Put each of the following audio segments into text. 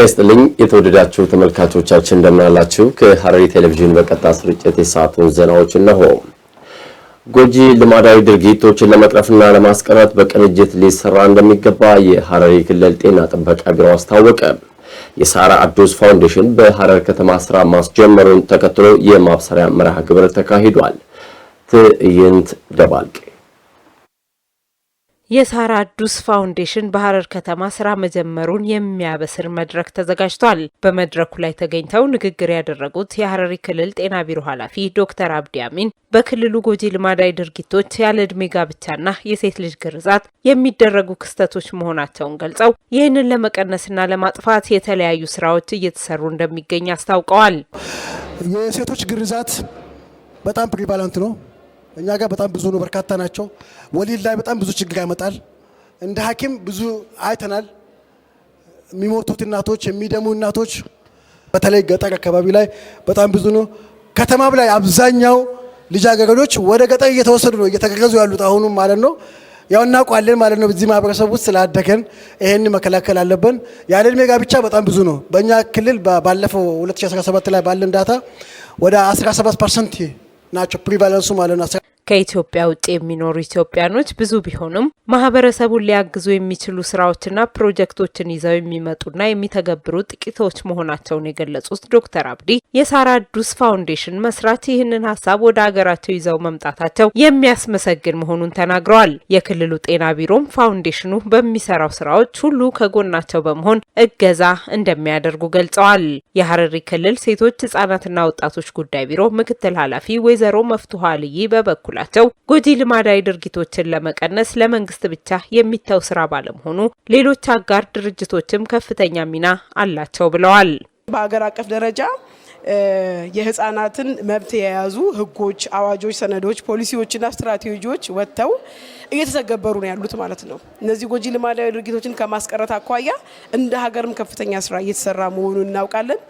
ጤና ይስጥልኝ የተወደዳችሁ ተመልካቾቻችን እንደምናላችሁ። ከሐረሪ ቴሌቪዥን በቀጥታ ስርጭት የሰዓቱን ዜናዎች እነሆ። ጎጂ ልማዳዊ ድርጊቶችን ለመቅረፍና ለማስቀረት በቅንጅት ሊሰራ እንደሚገባ የሐረሪ ክልል ጤና ጥበቃ ቢሮ አስታወቀ። የሳራ አዱስ ፋውንዴሽን በሐረር ከተማ ስራ ማስጀመሩን ተከትሎ የማብሰሪያ መርሃ ግብር ተካሂዷል። ትዕይንት ደባልቅ የሳራ ዱስ ፋውንዴሽን በሐረር ከተማ ስራ መጀመሩን የሚያበስር መድረክ ተዘጋጅቷል። በመድረኩ ላይ ተገኝተው ንግግር ያደረጉት የሐረሪ ክልል ጤና ቢሮ ኃላፊ ዶክተር አብዲ አሚን በክልሉ ጎጂ ልማዳዊ ድርጊቶች ያለ ዕድሜ ጋብቻና የሴት ልጅ ግርዛት የሚደረጉ ክስተቶች መሆናቸውን ገልጸው ይህንን ለመቀነስና ለማጥፋት የተለያዩ ስራዎች እየተሰሩ እንደሚገኝ አስታውቀዋል። የሴቶች ግርዛት በጣም ፕሪቫላንት ነው። እኛ ጋር በጣም ብዙ ነው፣ በርካታ ናቸው። ወሊድ ላይ በጣም ብዙ ችግር ያመጣል። እንደ ሐኪም ብዙ አይተናል። የሚሞቱት እናቶች፣ የሚደሙ እናቶች በተለይ ገጠር አካባቢ ላይ በጣም ብዙ ነው። ከተማም ላይ አብዛኛው ልጃገረዶች ወደ ገጠር እየተወሰዱ ነው እየተገረዙ ያሉት አሁኑም ማለት ነው። ያው እናውቋለን ማለት ነው። በዚህ ማህበረሰብ ውስጥ ስላደገን ይሄን መከላከል አለብን። ያለ እድሜ ጋብቻ በጣም ብዙ ነው። በእኛ ክልል ባለፈው 2017 ላይ ባለን ዳታ ወደ 17 ፐርሰንት na Nacho, prevalência humana. ከኢትዮጵያ ውጭ የሚኖሩ ኢትዮጵያኖች ብዙ ቢሆኑም ማህበረሰቡን ሊያግዙ የሚችሉ ስራዎችና ፕሮጀክቶችን ይዘው የሚመጡና የሚተገብሩ ጥቂቶች መሆናቸውን የገለጹት ዶክተር አብዲ የሳራ ዱስ ፋውንዴሽን መስራች ይህንን ሀሳብ ወደ ሀገራቸው ይዘው መምጣታቸው የሚያስመሰግን መሆኑን ተናግረዋል። የክልሉ ጤና ቢሮም ፋውንዴሽኑ በሚሰራው ስራዎች ሁሉ ከጎናቸው በመሆን እገዛ እንደሚያደርጉ ገልጸዋል። የሀረሪ ክልል ሴቶች ህጻናትና ወጣቶች ጉዳይ ቢሮ ምክትል ኃላፊ ወይዘሮ መፍትሀ ልይ በበኩል በበኩላቸው ጎጂ ልማዳዊ ድርጊቶችን ለመቀነስ ለመንግስት ብቻ የሚተው ስራ ባለመሆኑ ሌሎች አጋር ድርጅቶችም ከፍተኛ ሚና አላቸው ብለዋል። በሀገር አቀፍ ደረጃ የህጻናትን መብት የያዙ ህጎች፣ አዋጆች፣ ሰነዶች፣ ፖሊሲዎችና ስትራቴጂዎች ወጥተው እየተተገበሩ ነው ያሉት ማለት ነው። እነዚህ ጎጂ ልማዳዊ ድርጊቶችን ከማስቀረት አኳያ እንደ ሀገርም ከፍተኛ ስራ እየተሰራ መሆኑን እናውቃለን።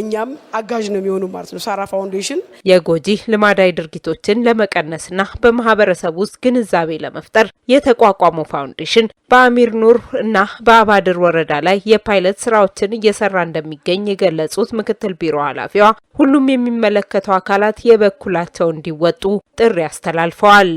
እኛም አጋዥ ነው የሚሆኑ ማለት ነው። ሳራ ፋውንዴሽን የጎጂ ልማዳዊ ድርጊቶችን ለመቀነስና በማህበረሰብ ውስጥ ግንዛቤ ለመፍጠር የተቋቋመው ፋውንዴሽን በአሚር ኑር እና በአባድር ወረዳ ላይ የፓይለት ስራዎችን እየሰራ እንደሚገኝ የገለጹት ምክትል ቢሮ ኃላፊዋ ሁሉም የሚመለከተው አካላት የበኩላቸው እንዲወጡ ጥሪ አስተላልፈዋል።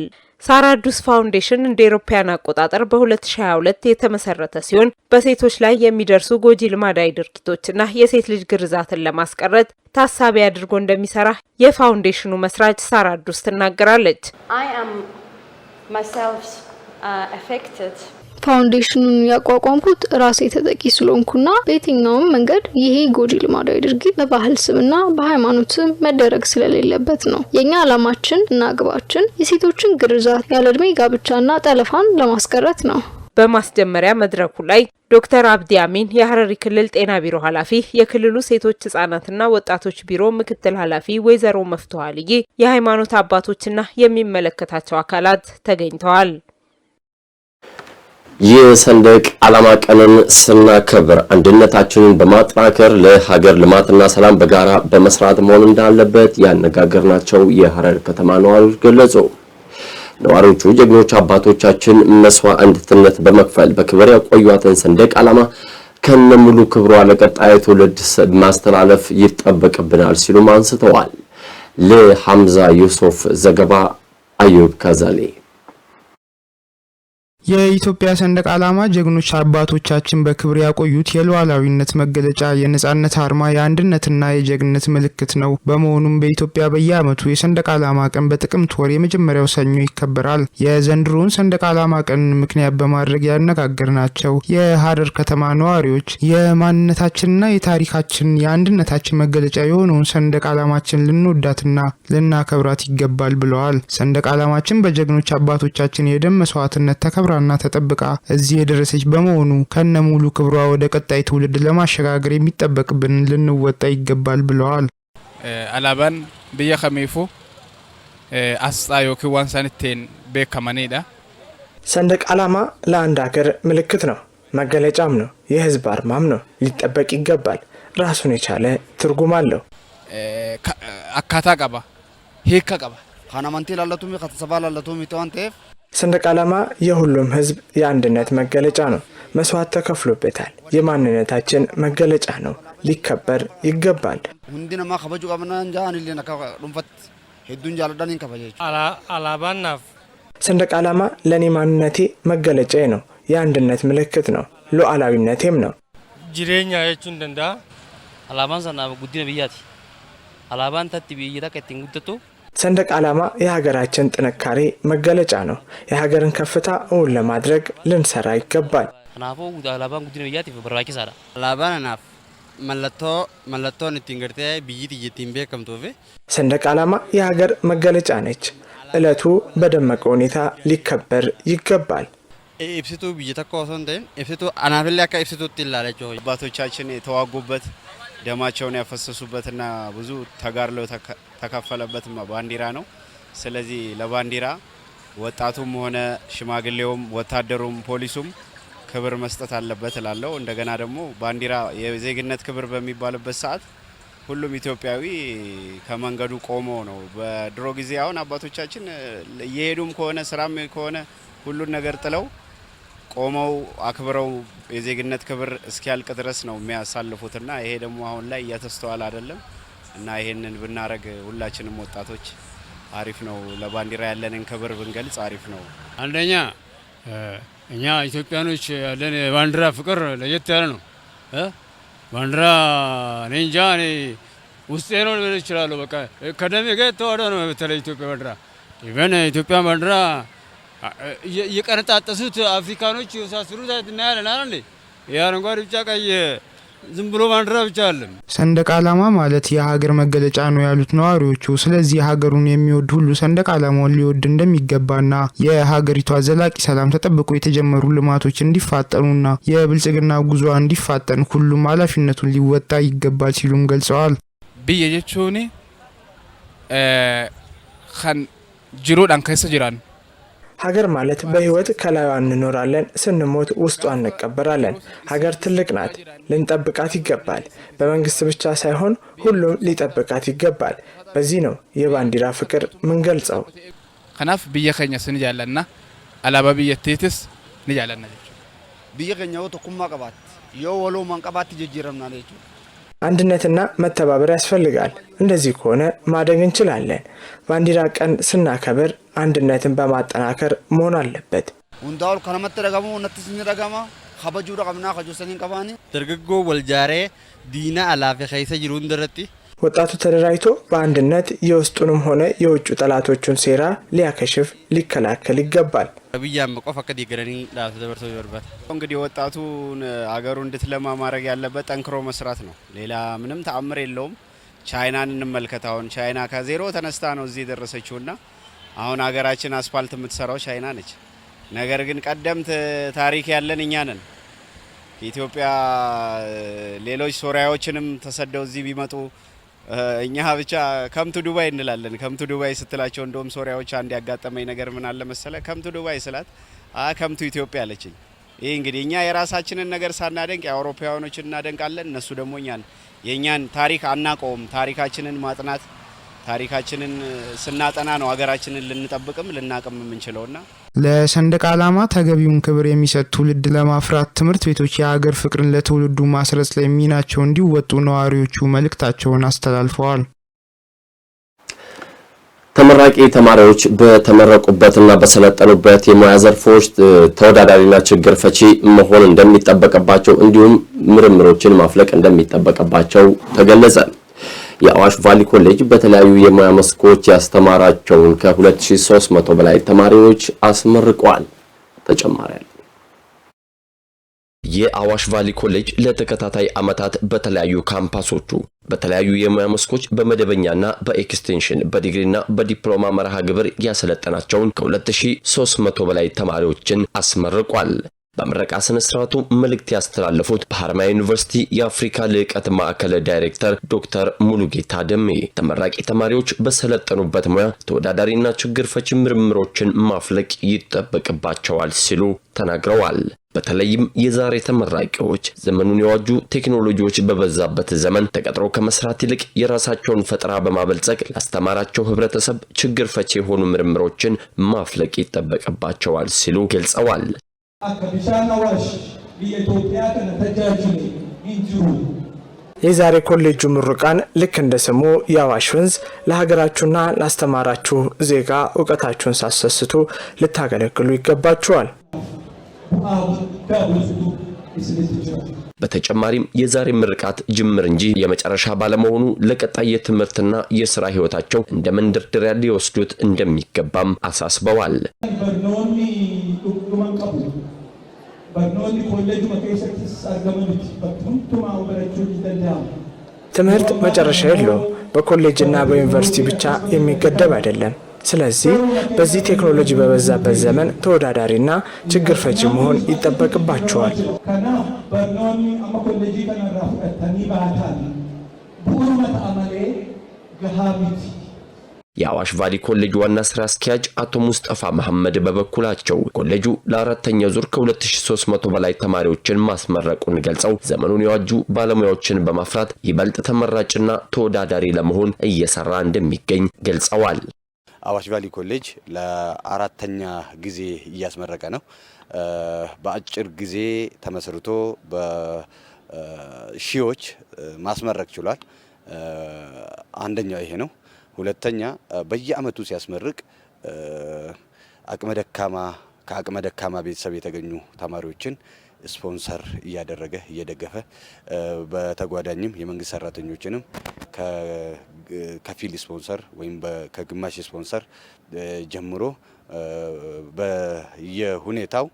ሳራ ዱስ ፋውንዴሽን እንደ ኤሮፓያን አቆጣጠር በ2022 የተመሰረተ ሲሆን በሴቶች ላይ የሚደርሱ ጎጂ ልማዳዊ ድርጊቶችና የሴት ልጅ ግርዛትን ለማስቀረት ታሳቢ አድርጎ እንደሚሰራ የፋውንዴሽኑ መስራች ሳራ ዱስ ትናገራለች። ፋውንዴሽኑን ያቋቋምኩት ራሴ ተጠቂ ስለሆንኩና በየትኛውም መንገድ ይሄ ጎጂ ልማዳዊ ድርጊት በባህል ስምና በሃይማኖት ስም መደረግ ስለሌለበት ነው። የእኛ ዓላማችን እና ግባችን የሴቶችን ግርዛት፣ ጋብቻ ጋብቻና ጠለፋን ለማስቀረት ነው። በማስጀመሪያ መድረኩ ላይ ዶክተር አብዲ አሚን የሀረሪ ክልል ጤና ቢሮ ኃላፊ፣ የክልሉ ሴቶች ህጻናትና ወጣቶች ቢሮ ምክትል ኃላፊ ወይዘሮ መፍትሀ ልዬ፣ የሃይማኖት አባቶችና የሚመለከታቸው አካላት ተገኝተዋል። የሰንደቅ ዓላማ ቀንን ስናከብር አንድነታችንን በማጠናከር ለሀገር ልማትና ሰላም በጋራ በመስራት መሆን እንዳለበት ያነጋገርናቸው የሐረር ከተማ ነዋሪዎች ገለጹ። ነዋሪዎቹ ጀግኖች አባቶቻችን መስዋዕትነት በመክፈል በክብር ያቆዩትን ሰንደቅ ዓላማ ከነሙሉ ክብሯ ለቀጣይ ትውልድ ማስተላለፍ ይጠበቅብናል ሲሉም አንስተዋል። ለሐምዛ ዩሱፍ ዘገባ አዩብ ከዛሌ የኢትዮጵያ ሰንደቅ ዓላማ ጀግኖች አባቶቻችን በክብር ያቆዩት የሉዓላዊነት መገለጫ፣ የነጻነት አርማ፣ የአንድነትና የጀግንነት ምልክት ነው። በመሆኑም በኢትዮጵያ በየዓመቱ የሰንደቅ ዓላማ ቀን በጥቅምት ወር የመጀመሪያው ሰኞ ይከበራል። የዘንድሮውን ሰንደቅ ዓላማ ቀን ምክንያት በማድረግ ያነጋገርናቸው የሀረር ከተማ ነዋሪዎች የማንነታችንና የታሪካችን የአንድነታችን መገለጫ የሆነውን ሰንደቅ ዓላማችን ልንወዳትና ልናከብራት ይገባል ብለዋል። ሰንደቅ ዓላማችን በጀግኖች አባቶቻችን የደም መስዋዕትነት ተከብራል ተከብራና ተጠብቃ እዚህ የደረሰች በመሆኑ ከነ ሙሉ ክብሯ ወደ ቀጣይ ትውልድ ለማሸጋገር የሚጠበቅብን ልንወጣ ይገባል ብለዋል። አላባን ብየ ከሚፉ አስጻ ዮኪ ዋንሳንቴን ቤከመኔዳ ሰንደቅ ዓላማ ለአንድ ሀገር ምልክት ነው፣ መገለጫም ነው፣ የህዝብ አርማም ነው። ሊጠበቅ ይገባል። ራሱን የቻለ ትርጉም አለው። አካታ ቀባ ሂከ ቀባ ካናማንቴ ላለቱም ከተሰባ ላለቱም ተዋንቴፍ ሰንደቅ ዓላማ የሁሉም ህዝብ የአንድነት መገለጫ ነው። መስዋዕት ተከፍሎበታል። የማንነታችን መገለጫ ነው። ሊከበር ይገባል። ሁንዲነማ ከበጁ ቀብና እንጃ ንሌና ዱንፈት ሄዱን ጃለዳን ይንከፈጀች አላባናፍ ሰንደቅ ዓላማ ለእኔ ማንነቴ መገለጫ ነው። የአንድነት ምልክት ነው። ሉዓላዊነቴም ነው። ጅሬኛ የቹ እንደንዳ አላባን ሰና ጉዲነ ብያት አላባን ተት ብይታ ከቲን ጉደቱ ሰንደቅ ዓላማ የሀገራችን ጥንካሬ መገለጫ ነው። የሀገርን ከፍታ እውን ለማድረግ ልንሰራ ይገባል። ሰንደቅ ዓላማ የሀገር መገለጫ ነች። እለቱ በደመቀ ሁኔታ ሊከበር ይገባል። ኢብሲቱ ብይተኮ ሶንቴን ኢብሲቱ አናፍሌ አካ ኢብሲቱ ትላለች አባቶቻችን የተዋጉበት ደማቸውን ያፈሰሱበትና ብዙ ተጋድለው ተከፈለበት ባንዲራ ነው። ስለዚህ ለባንዲራ ወጣቱም ሆነ ሽማግሌውም ወታደሩም ፖሊሱም ክብር መስጠት አለበት እላለሁ። እንደገና ደግሞ ባንዲራ የዜግነት ክብር በሚባልበት ሰዓት ሁሉም ኢትዮጵያዊ ከመንገዱ ቆሞ ነው። በድሮ ጊዜ አሁን አባቶቻችን እየሄዱም ከሆነ ስራም ከሆነ ሁሉን ነገር ጥለው ቆመው አክብረው የዜግነት ክብር እስኪያልቅ ድረስ ነው የሚያሳልፉትና ይሄ ደግሞ አሁን ላይ እያተስተዋል አይደለም እና ይሄንን ብናረግ ሁላችንም ወጣቶች አሪፍ ነው። ለባንዲራ ያለንን ክብር ብንገልጽ አሪፍ ነው። አንደኛ እኛ ኢትዮጵያኖች ያለን የባንዲራ ፍቅር ለየት ያለ ነው። ባንዲራ እኔ እንጃ እኔ ውስጤ ነው ልበል ይችላለሁ። በቃ ከደሜ ጋር የተዋህደ ነው። በተለይ ኢትዮጵያ ባንዲራ ኢቨን ኢትዮጵያ ባንዲራ እየቀነጣጠሱት አፍሪካኖች የሳስሩት እናያለን አለ የአረንጓዴ ብጫ ቀይ ዝም ብሎ ባንዲራ ብቻ አለም ሰንደቅ ዓላማ ማለት የሀገር መገለጫ ነው ያሉት ነዋሪዎቹ። ስለዚህ ሀገሩን የሚወድ ሁሉ ሰንደቅ ዓላማውን ሊወድ እንደሚገባና የሀገሪቷ ዘላቂ ሰላም ተጠብቆ የተጀመሩ ልማቶች እንዲፋጠኑና የብልጽግና ጉዞ እንዲፋጠን ሁሉም ኃላፊነቱን ሊወጣ ይገባል ሲሉም ገልጸዋል። ብዬ ጀቹኒ ከን ጅሩዳን ከሰ ጅራን ሀገር ማለት በህይወት ከላይዋ እንኖራለን፣ ስንሞት ውስጧ እንቀበራለን። ሀገር ትልቅ ናት፣ ልንጠብቃት ይገባል። በመንግስት ብቻ ሳይሆን ሁሉም ሊጠብቃት ይገባል። በዚህ ነው የባንዲራ ፍቅር ምንገልጸው። ከናፍ ብየ ከኛ ስንጃለና አላባ ብየቴትስ ንጃለና ብየ ከኛው ኩማ ቀባት የወሎ ማንቀባት ጀጅረምና ጅጅረምና አንድነትና መተባበር ያስፈልጋል። እንደዚህ ከሆነ ማደግ እንችላለን። ባንዲራ ቀን ስናከብር አንድነትን በማጠናከር መሆን አለበት። ሁንዳውል ከነመት ደጋሙ ነትስኒ ደጋማ ከበጁ ደቀምና ከጆሰኒን ቀባኒ ድርግጎ ወልጃሬ ዲና አላፌ ከይሰ ጅሩ ደረቲ ወጣቱ ተደራጅቶ በአንድነት የውስጡንም ሆነ የውጭ ጠላቶቹን ሴራ ሊያከሽፍ ሊከላከል ይገባል። ብያም ቆፍ አከዲ ገረኒ ተበርቶ ይበርበት እንግዲህ ወጣቱን አገሩ እንድትለማ ማድረግ ያለበት ጠንክሮ መስራት ነው። ሌላ ምንም ተአምር የለውም። ቻይናን እንመልከት። አሁን ቻይና ከዜሮ ተነስታ ነው እዚህ የደረሰችውና አሁን ሀገራችን አስፋልት የምትሰራው ቻይና ነች። ነገር ግን ቀደምት ታሪክ ያለን እኛ ነን። ኢትዮጵያ ሌሎች ሶሪያዎችንም ተሰደው እዚህ ቢመጡ እኛ ብቻ ከምቱ ዱባይ እንላለን። ከምቱ ዱባይ ስትላቸው እንደውም ሶሪያዎች አንድ ያጋጠመኝ ነገር ምን አለ መሰለ፣ ከምቱ ዱባይ ስላት ከምቱ ኢትዮጵያ አለችኝ። ይህ እንግዲህ እኛ የራሳችንን ነገር ሳናደንቅ የአውሮፓውያኖችን እናደንቃለን። እነሱ ደግሞ እኛን የእኛን ታሪክ አናቀውም። ታሪካችንን ማጥናት ታሪካችንን ስናጠና ነው ሀገራችንን ልንጠብቅም ልናቅም የምንችለውና ለሰንደቅ ዓላማ ተገቢውን ክብር የሚሰጥ ትውልድ ለማፍራት ትምህርት ቤቶች የሀገር ፍቅርን ለትውልዱ ማስረጽ ላይ ሚናቸው እንዲወጡ ነዋሪዎቹ መልእክታቸውን አስተላልፈዋል። ተመራቂ ተማሪዎች በተመረቁበትና በሰለጠኑበት የሙያ ዘርፎች ተወዳዳሪና ችግር ፈቺ መሆን እንደሚጠበቅባቸው እንዲሁም ምርምሮችን ማፍለቅ እንደሚጠበቅባቸው ተገለጸ። የአዋሽ ቫሊ ኮሌጅ በተለያዩ የሙያ መስኮች ያስተማራቸውን ከ2300 በላይ ተማሪዎች አስመርቋል። ተጨማሪ የአዋሽ ቫሊ ኮሌጅ ለተከታታይ ዓመታት በተለያዩ ካምፓሶቹ በተለያዩ የሙያ መስኮች በመደበኛና በኤክስቴንሽን በዲግሪና በዲፕሎማ መርሃ ግብር ያሰለጠናቸውን ከ2300 በላይ ተማሪዎችን አስመርቋል። በምረቃ ስነ ስርዓቱ መልእክት ያስተላለፉት በሀረማያ ዩኒቨርሲቲ የአፍሪካ ልዕቀት ማዕከል ዳይሬክተር ዶክተር ሙሉጌታ ደሜ ተመራቂ ተማሪዎች በሰለጠኑበት ሙያ ተወዳዳሪና ችግር ፈች ምርምሮችን ማፍለቅ ይጠበቅባቸዋል ሲሉ ተናግረዋል። በተለይም የዛሬ ተመራቂዎች ዘመኑን የዋጁ ቴክኖሎጂዎች በበዛበት ዘመን ተቀጥሮ ከመስራት ይልቅ የራሳቸውን ፈጠራ በማበልጸግ ላስተማራቸው ህብረተሰብ ችግር ፈቼ የሆኑ ምርምሮችን ማፍለቅ ይጠበቅባቸዋል ሲሉ ገልጸዋል። የዛሬ ኮሌጁ ምሩቃን ልክ እንደ ስሙ የአዋሽ ወንዝ ለሀገራችሁና ላስተማራችሁ ዜጋ እውቀታችሁን ሳሰስቱ ልታገለግሉ ይገባችኋል። በተጨማሪም የዛሬ ምርቃት ጅምር እንጂ የመጨረሻ ባለመሆኑ ለቀጣይ የትምህርትና የስራ ህይወታቸው እንደ መንደርደሪያ ሊወስዱት እንደሚገባም አሳስበዋል። ትምህርት መጨረሻ የለውም። በኮሌጅና በዩኒቨርሲቲ ብቻ የሚገደብ አይደለም። ስለዚህ በዚህ ቴክኖሎጂ በበዛበት ዘመን ተወዳዳሪ ተወዳዳሪና ችግር ፈጂ መሆን ይጠበቅባቸዋል። ጋሃቢት የአዋሽ ቫሊ ኮሌጅ ዋና ስራ አስኪያጅ አቶ ሙስጠፋ መሐመድ በበኩላቸው ኮሌጁ ለአራተኛ ዙር ከ2300 በላይ ተማሪዎችን ማስመረቁን ገልጸው ዘመኑን የዋጁ ባለሙያዎችን በማፍራት ይበልጥ ተመራጭና ተወዳዳሪ ለመሆን እየሰራ እንደሚገኝ ገልጸዋል። አዋሽ ቫሊ ኮሌጅ ለአራተኛ ጊዜ እያስመረቀ ነው። በአጭር ጊዜ ተመስርቶ በሺዎች ማስመረቅ ችሏል። አንደኛው ይሄ ነው። ሁለተኛ በየአመቱ ሲያስመርቅ አቅመ ደካማ ከአቅመ ደካማ ቤተሰብ የተገኙ ተማሪዎችን ስፖንሰር እያደረገ እየደገፈ በተጓዳኝም የመንግስት ሰራተኞችንም ከፊል ስፖንሰር ወይም ከግማሽ ስፖንሰር ጀምሮ በየሁኔታው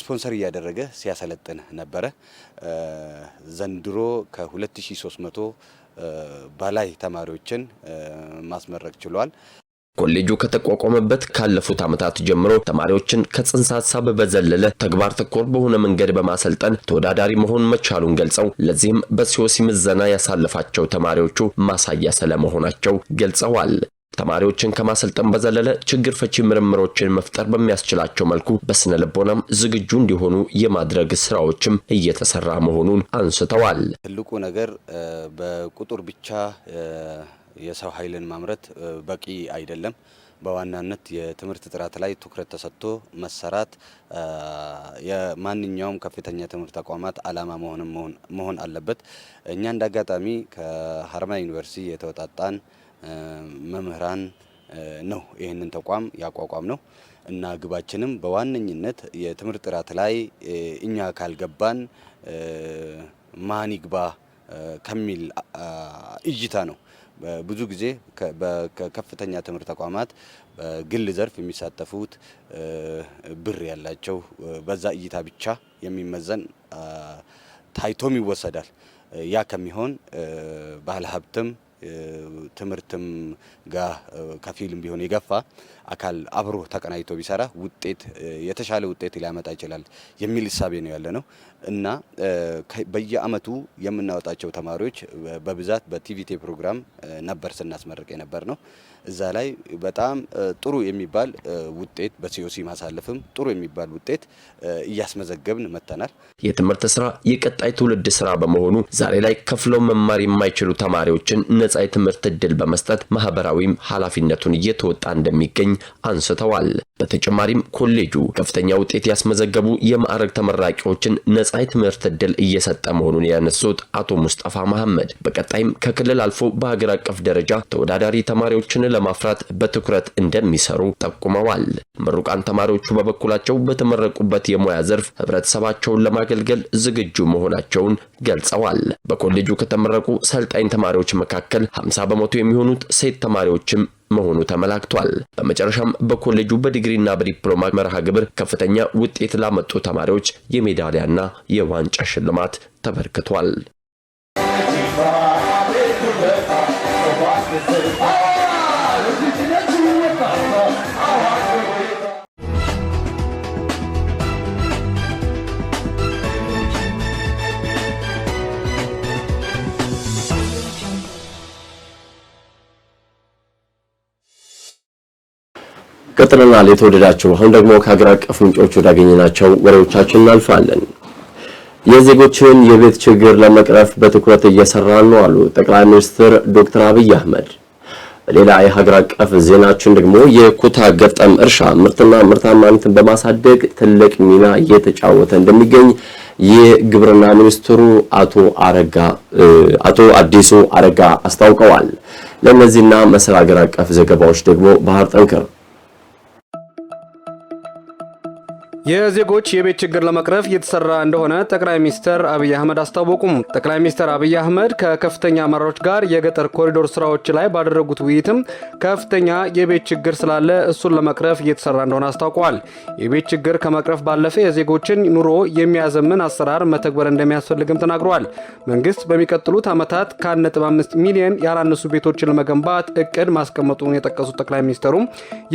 ስፖንሰር እያደረገ ሲያሰለጥን ነበረ። ዘንድሮ ከ2300 በላይ ተማሪዎችን ማስመረቅ ችሏል። ኮሌጁ ከተቋቋመበት ካለፉት ዓመታት ጀምሮ ተማሪዎችን ከጽንሰ ሀሳብ በዘለለ ተግባር ተኮር በሆነ መንገድ በማሰልጠን ተወዳዳሪ መሆን መቻሉን ገልጸው ለዚህም በሲኦሲ ምዘና ያሳለፋቸው ተማሪዎቹ ማሳያ ስለመሆናቸው ገልጸዋል። ተማሪዎችን ከማሰልጠን በዘለለ ችግር ፈቺ ምርምሮችን መፍጠር በሚያስችላቸው መልኩ በስነ ልቦናም ዝግጁ እንዲሆኑ የማድረግ ስራዎችም እየተሰራ መሆኑን አንስተዋል። ትልቁ ነገር በቁጥር ብቻ የሰው ኃይልን ማምረት በቂ አይደለም። በዋናነት የትምህርት ጥራት ላይ ትኩረት ተሰጥቶ መሰራት የማንኛውም ከፍተኛ ትምህርት ተቋማት ዓላማ መሆን መሆን አለበት። እኛ እንደ አጋጣሚ ከሀረማያ ዩኒቨርሲቲ የተወጣጣን መምህራን ነው ይህንን ተቋም ያቋቋም ነው እና ግባችንም በዋነኝነት የትምህርት ጥራት ላይ እኛ ካልገባን ማን ይግባ ከሚል እይታ ነው። ብዙ ጊዜ ከከፍተኛ ትምህርት ተቋማት በግል ዘርፍ የሚሳተፉት ብር ያላቸው በዛ እይታ ብቻ የሚመዘን ታይቶም ይወሰዳል። ያ ከሚሆን ባለሀብትም ትምህርትም ጋር ከፊልም ቢሆን የገፋ አካል አብሮ ተቀናጅቶ ቢሰራ ውጤት የተሻለ ውጤት ሊያመጣ ይችላል የሚል እሳቤ ነው ያለ ነው እና በየአመቱ የምናወጣቸው ተማሪዎች በብዛት በቲቪቴ ፕሮግራም ነበር ስናስመርቅ የነበር ነው። እዛ ላይ በጣም ጥሩ የሚባል ውጤት በሲኦሲ ማሳለፍም ጥሩ የሚባል ውጤት እያስመዘገብን መጥተናል። የትምህርት ስራ የቀጣይ ትውልድ ስራ በመሆኑ ዛሬ ላይ ከፍለው መማር የማይችሉ ተማሪዎችን ነጻ የትምህርት እድል በመስጠት ማህበራዊም ኃላፊነቱን እየተወጣ እንደሚገኝ አንስተዋል። በተጨማሪም ኮሌጁ ከፍተኛ ውጤት ያስመዘገቡ የማዕረግ ተመራቂዎችን ነጻ የትምህርት ዕድል እየሰጠ መሆኑን ያነሱት አቶ ሙስጠፋ መሐመድ በቀጣይም ከክልል አልፎ በሀገር አቀፍ ደረጃ ተወዳዳሪ ተማሪዎችን ለማፍራት በትኩረት እንደሚሰሩ ጠቁመዋል። ምሩቃን ተማሪዎቹ በበኩላቸው በተመረቁበት የሙያ ዘርፍ ህብረተሰባቸውን ለማገልገል ዝግጁ መሆናቸውን ገልጸዋል። በኮሌጁ ከተመረቁ ሰልጣኝ ተማሪዎች መካከል 50 በመቶ የሚሆኑት ሴት ተማሪዎችም መሆኑ ተመላክቷል። በመጨረሻም በኮሌጁ በዲግሪና በዲፕሎማ መርሃ ግብር ከፍተኛ ውጤት ላመጡ ተማሪዎች የሜዳሊያና የዋንጫ ሽልማት ተበርክቷል። ቀጥለናል። የተወደዳቸው አሁን ደግሞ ከሀገር አቀፍ ምንጮች ወዳገኘናቸው ወሬዎቻችን እናልፋለን። የዜጎችን የቤት ችግር ለመቅረፍ በትኩረት እየሰራን ነው አሉ ጠቅላይ ሚኒስትር ዶክተር አብይ አህመድ። በሌላ የሀገር አቀፍ ዜናችን ደግሞ የኩታ ገጠም እርሻ ምርትና ምርታማነትን በማሳደግ ትልቅ ሚና እየተጫወተ እንደሚገኝ የግብርና ሚኒስትሩ አቶ አረጋ አቶ አዲሱ አረጋ አስታውቀዋል። ለእነዚህና መሰል ሀገር አቀፍ ዘገባዎች ደግሞ ባህር ጠንክር የዜጎች የቤት ችግር ለመቅረፍ እየተሰራ እንደሆነ ጠቅላይ ሚኒስትር አብይ አህመድ አስታወቁም። ጠቅላይ ሚኒስትር አብይ አህመድ ከከፍተኛ አመራሮች ጋር የገጠር ኮሪዶር ስራዎች ላይ ባደረጉት ውይይትም ከፍተኛ የቤት ችግር ስላለ እሱን ለመቅረፍ እየተሰራ እንደሆነ አስታውቋል። የቤት ችግር ከመቅረፍ ባለፈ የዜጎችን ኑሮ የሚያዘምን አሰራር መተግበር እንደሚያስፈልግም ተናግሯል። መንግስት በሚቀጥሉት ዓመታት ከ1.5 ሚሊዮን ያላነሱ ቤቶችን ለመገንባት እቅድ ማስቀመጡን የጠቀሱት ጠቅላይ ሚኒስትሩም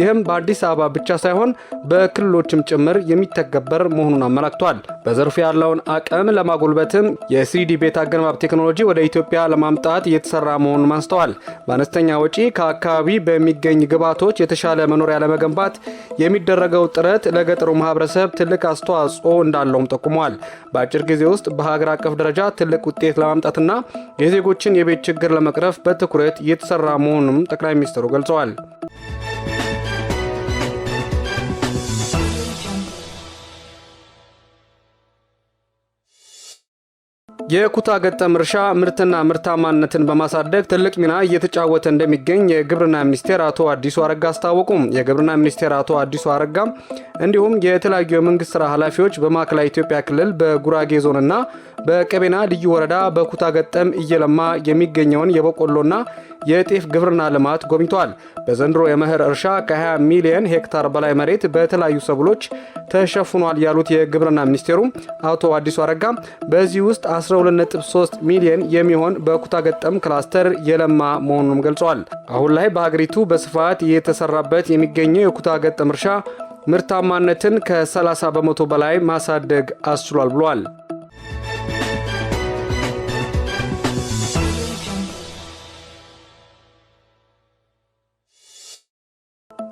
ይህም በአዲስ አበባ ብቻ ሳይሆን በክልሎችም ጭምር የሚተገበር መሆኑን አመላክቷል። በዘርፉ ያለውን አቅም ለማጎልበትም የስሪዲ ቤት አገነባብ ቴክኖሎጂ ወደ ኢትዮጵያ ለማምጣት እየተሰራ መሆኑን አንስተዋል። በአነስተኛ ወጪ ከአካባቢ በሚገኝ ግብዓቶች የተሻለ መኖሪያ ለመገንባት የሚደረገው ጥረት ለገጠሩ ማህበረሰብ ትልቅ አስተዋጽኦ እንዳለውም ጠቁመዋል። በአጭር ጊዜ ውስጥ በሀገር አቀፍ ደረጃ ትልቅ ውጤት ለማምጣትና የዜጎችን የቤት ችግር ለመቅረፍ በትኩረት እየተሰራ መሆኑንም ጠቅላይ ሚኒስትሩ ገልጸዋል። የኩታ ገጠም እርሻ ምርትና ምርታማነትን በማሳደግ ትልቅ ሚና እየተጫወተ እንደሚገኝ የግብርና ሚኒስቴር አቶ አዲሱ አረጋ አስታወቁ። የግብርና ሚኒስቴር አቶ አዲሱ አረጋ እንዲሁም የተለያዩ የመንግስት ስራ ኃላፊዎች በማዕከላዊ ኢትዮጵያ ክልል በጉራጌ ዞንና በቀቤና ልዩ ወረዳ በኩታ ገጠም እየለማ የሚገኘውን የበቆሎና የጤፍ ግብርና ልማት ጎብኝተዋል። በዘንድሮ የመኸር እርሻ ከ20 ሚሊየን ሄክታር በላይ መሬት በተለያዩ ሰብሎች ተሸፍኗል ያሉት የግብርና ሚኒስቴሩ አቶ አዲሱ አረጋ በዚህ ውስጥ 123 ሚሊዮን የሚሆን በኩታ ገጠም ክላስተር የለማ መሆኑንም ገልጸዋል። አሁን ላይ በሀገሪቱ በስፋት እየተሰራበት የሚገኘው የኩታ ገጠም እርሻ ምርታማነትን ከ30 በመቶ በላይ ማሳደግ አስችሏል ብሏል።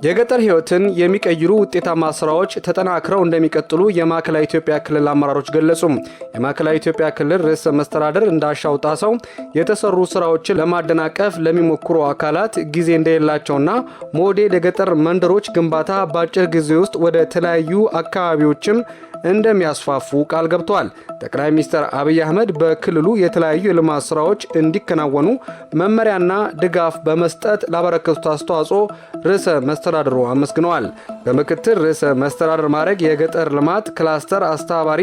የገጠር ህይወትን የሚቀይሩ ውጤታማ ስራዎች ተጠናክረው እንደሚቀጥሉ የማዕከላዊ ኢትዮጵያ ክልል አመራሮች ገለጹ። የማዕከላዊ ኢትዮጵያ ክልል ርዕሰ መስተዳደር እንዳሻው ጣሰው የተሰሩ ስራዎችን ለማደናቀፍ ለሚሞክሩ አካላት ጊዜ እንደሌላቸውና ሞዴል የገጠር መንደሮች ግንባታ በአጭር ጊዜ ውስጥ ወደ ተለያዩ አካባቢዎችም እንደሚያስፋፉ ቃል ገብተዋል። ጠቅላይ ሚኒስትር አብይ አህመድ በክልሉ የተለያዩ የልማት ስራዎች እንዲከናወኑ መመሪያና ድጋፍ በመስጠት ላበረከቱት አስተዋጽኦ ርዕሰ መስተዳድሩ አመስግነዋል። በምክትል ርዕሰ መስተዳድር ማድረግ የገጠር ልማት ክላስተር አስተባባሪ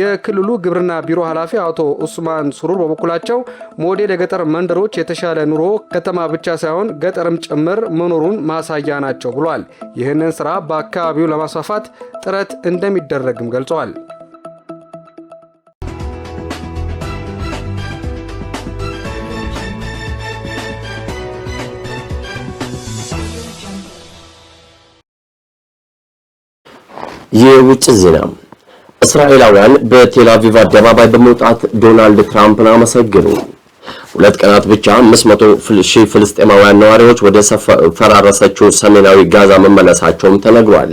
የክልሉ ግብርና ቢሮ ኃላፊ አቶ ኡስማን ሱሩር በበኩላቸው ሞዴል የገጠር መንደሮች የተሻለ ኑሮ ከተማ ብቻ ሳይሆን ገጠርም ጭምር መኖሩን ማሳያ ናቸው ብሏል። ይህንን ስራ በአካባቢው ለማስፋፋት ጥረት እንደሚደረግም ገልጸዋል። የውጭ ዜና እስራኤላውያን በቴል አቪቭ አደባባይ በመውጣት ዶናልድ ትራምፕን አመሰግኑ። ሁለት ቀናት ብቻ 500 ሺህ ፍልስጤማውያን ነዋሪዎች ወደ ፈራረሰችው ሰሜናዊ ጋዛ መመለሳቸውም ተነግሯል።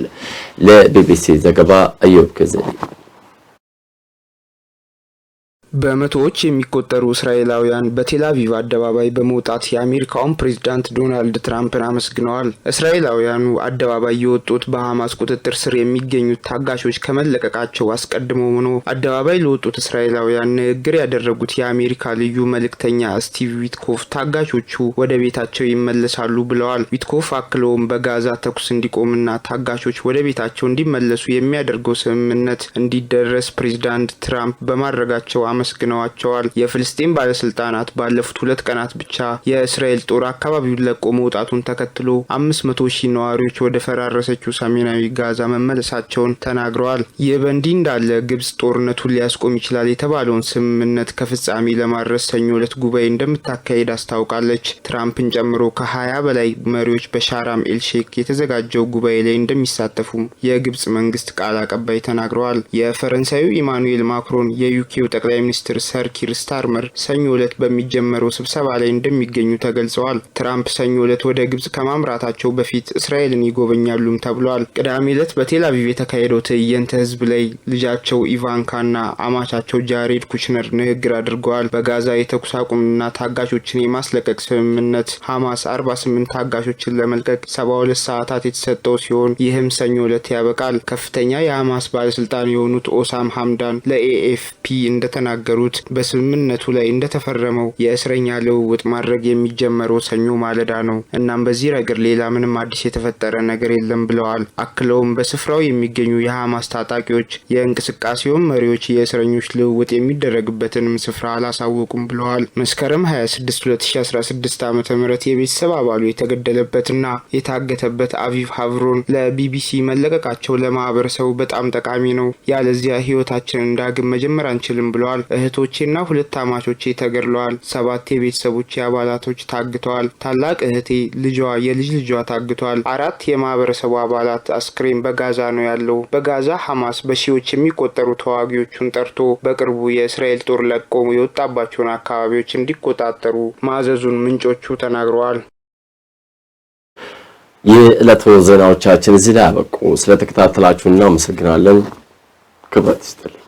ለቢቢሲ ዘገባ አዮብ ከዘዴ በመቶዎች የሚቆጠሩ እስራኤላውያን በቴላቪቭ አደባባይ በመውጣት የአሜሪካውን ፕሬዚዳንት ዶናልድ ትራምፕን አመስግነዋል። እስራኤላውያኑ አደባባይ የወጡት በሐማስ ቁጥጥር ስር የሚገኙት ታጋሾች ከመለቀቃቸው አስቀድሞ ሆኖ አደባባይ ለወጡት እስራኤላውያን ንግግር ያደረጉት የአሜሪካ ልዩ መልእክተኛ ስቲቭ ዊትኮፍ ታጋሾቹ ወደ ቤታቸው ይመለሳሉ ብለዋል። ዊትኮፍ አክለውም በጋዛ ተኩስ እንዲቆምና ታጋሾች ወደ ቤታቸው እንዲመለሱ የሚያደርገው ስምምነት እንዲደረስ ፕሬዚዳንት ትራምፕ በማድረጋቸው አመስግነዋቸዋል። የፍልስጤም ባለስልጣናት ባለፉት ሁለት ቀናት ብቻ የእስራኤል ጦር አካባቢውን ለቆ መውጣቱን ተከትሎ አምስት መቶ ሺህ ነዋሪዎች ወደ ፈራረሰችው ሰሜናዊ ጋዛ መመለሳቸውን ተናግረዋል። ይህ በእንዲህ እንዳለ ግብጽ ጦርነቱን ሊያስቆም ይችላል የተባለውን ስምምነት ከፍጻሜ ለማድረስ ሰኞ ዕለት ጉባኤ እንደምታካሄድ አስታውቃለች። ትራምፕን ጨምሮ ከሀያ በላይ መሪዎች በሻራም ኤልሼክ የተዘጋጀው ጉባኤ ላይ እንደሚሳተፉም የግብጽ መንግስት ቃል አቀባይ ተናግረዋል። የፈረንሳዩ ኢማኑኤል ማክሮን የዩኬው ጠቅላይ ሚኒስትር ሰር ኪር ስታርመር ሰኞ ዕለት በሚጀመረው ስብሰባ ላይ እንደሚገኙ ተገልጸዋል። ትራምፕ ሰኞ ዕለት ወደ ግብጽ ከማምራታቸው በፊት እስራኤልን ይጎበኛሉም ተብሏል። ቅዳሜ ዕለት በቴል አቪቭ የተካሄደው ትዕይንተ ህዝብ ላይ ልጃቸው ኢቫንካና አማቻቸው ጃሬድ ኩሽነር ንግግር አድርገዋል። በጋዛ የተኩስ አቁምና ታጋሾችን የማስለቀቅ ስምምነት ሐማስ 48 ታጋሾችን ለመልቀቅ 72 ሰዓታት የተሰጠው ሲሆን ይህም ሰኞ ዕለት ያበቃል። ከፍተኛ የሐማስ ባለስልጣን የሆኑት ኦሳም ሐምዳን ለኤኤፍፒ እንደተናገ የተናገሩት በስምምነቱ ላይ እንደተፈረመው የእስረኛ ልውውጥ ማድረግ የሚጀመረው ሰኞ ማለዳ ነው። እናም በዚህ ረገድ ሌላ ምንም አዲስ የተፈጠረ ነገር የለም ብለዋል። አክለውም በስፍራው የሚገኙ የሐማስ ታጣቂዎች የእንቅስቃሴውን መሪዎች የእስረኞች ልውውጥ የሚደረግበትንም ስፍራ አላሳወቁም ብለዋል። መስከረም 26 2016 ዓ ም የቤተሰብ አባሉ የተገደለበትና የታገተበት አቪቭ ሀብሮን ለቢቢሲ መለቀቃቸው ለማህበረሰቡ በጣም ጠቃሚ ነው፣ ያለዚያ ህይወታችንን ዳግም መጀመር አንችልም ብለዋል። እህቶቼና ሁለት አማቾቼ ተገድለዋል። ሰባት የቤተሰቦቼ አባላቶች ታግተዋል። ታላቅ እህቴ ልጇ፣ የልጅ ልጇ ታግቷል። አራት የማህበረሰቡ አባላት አስክሬን በጋዛ ነው ያለው። በጋዛ ሐማስ በሺዎች የሚቆጠሩ ተዋጊዎቹን ጠርቶ በቅርቡ የእስራኤል ጦር ለቆ የወጣባቸውን አካባቢዎች እንዲቆጣጠሩ ማዘዙን ምንጮቹ ተናግረዋል። የዕለቱ ዜናዎቻችን እዚህ ላይ አበቁ። ስለተከታተላችሁ እናመሰግናለን። ክብረት ይስጥልኝ።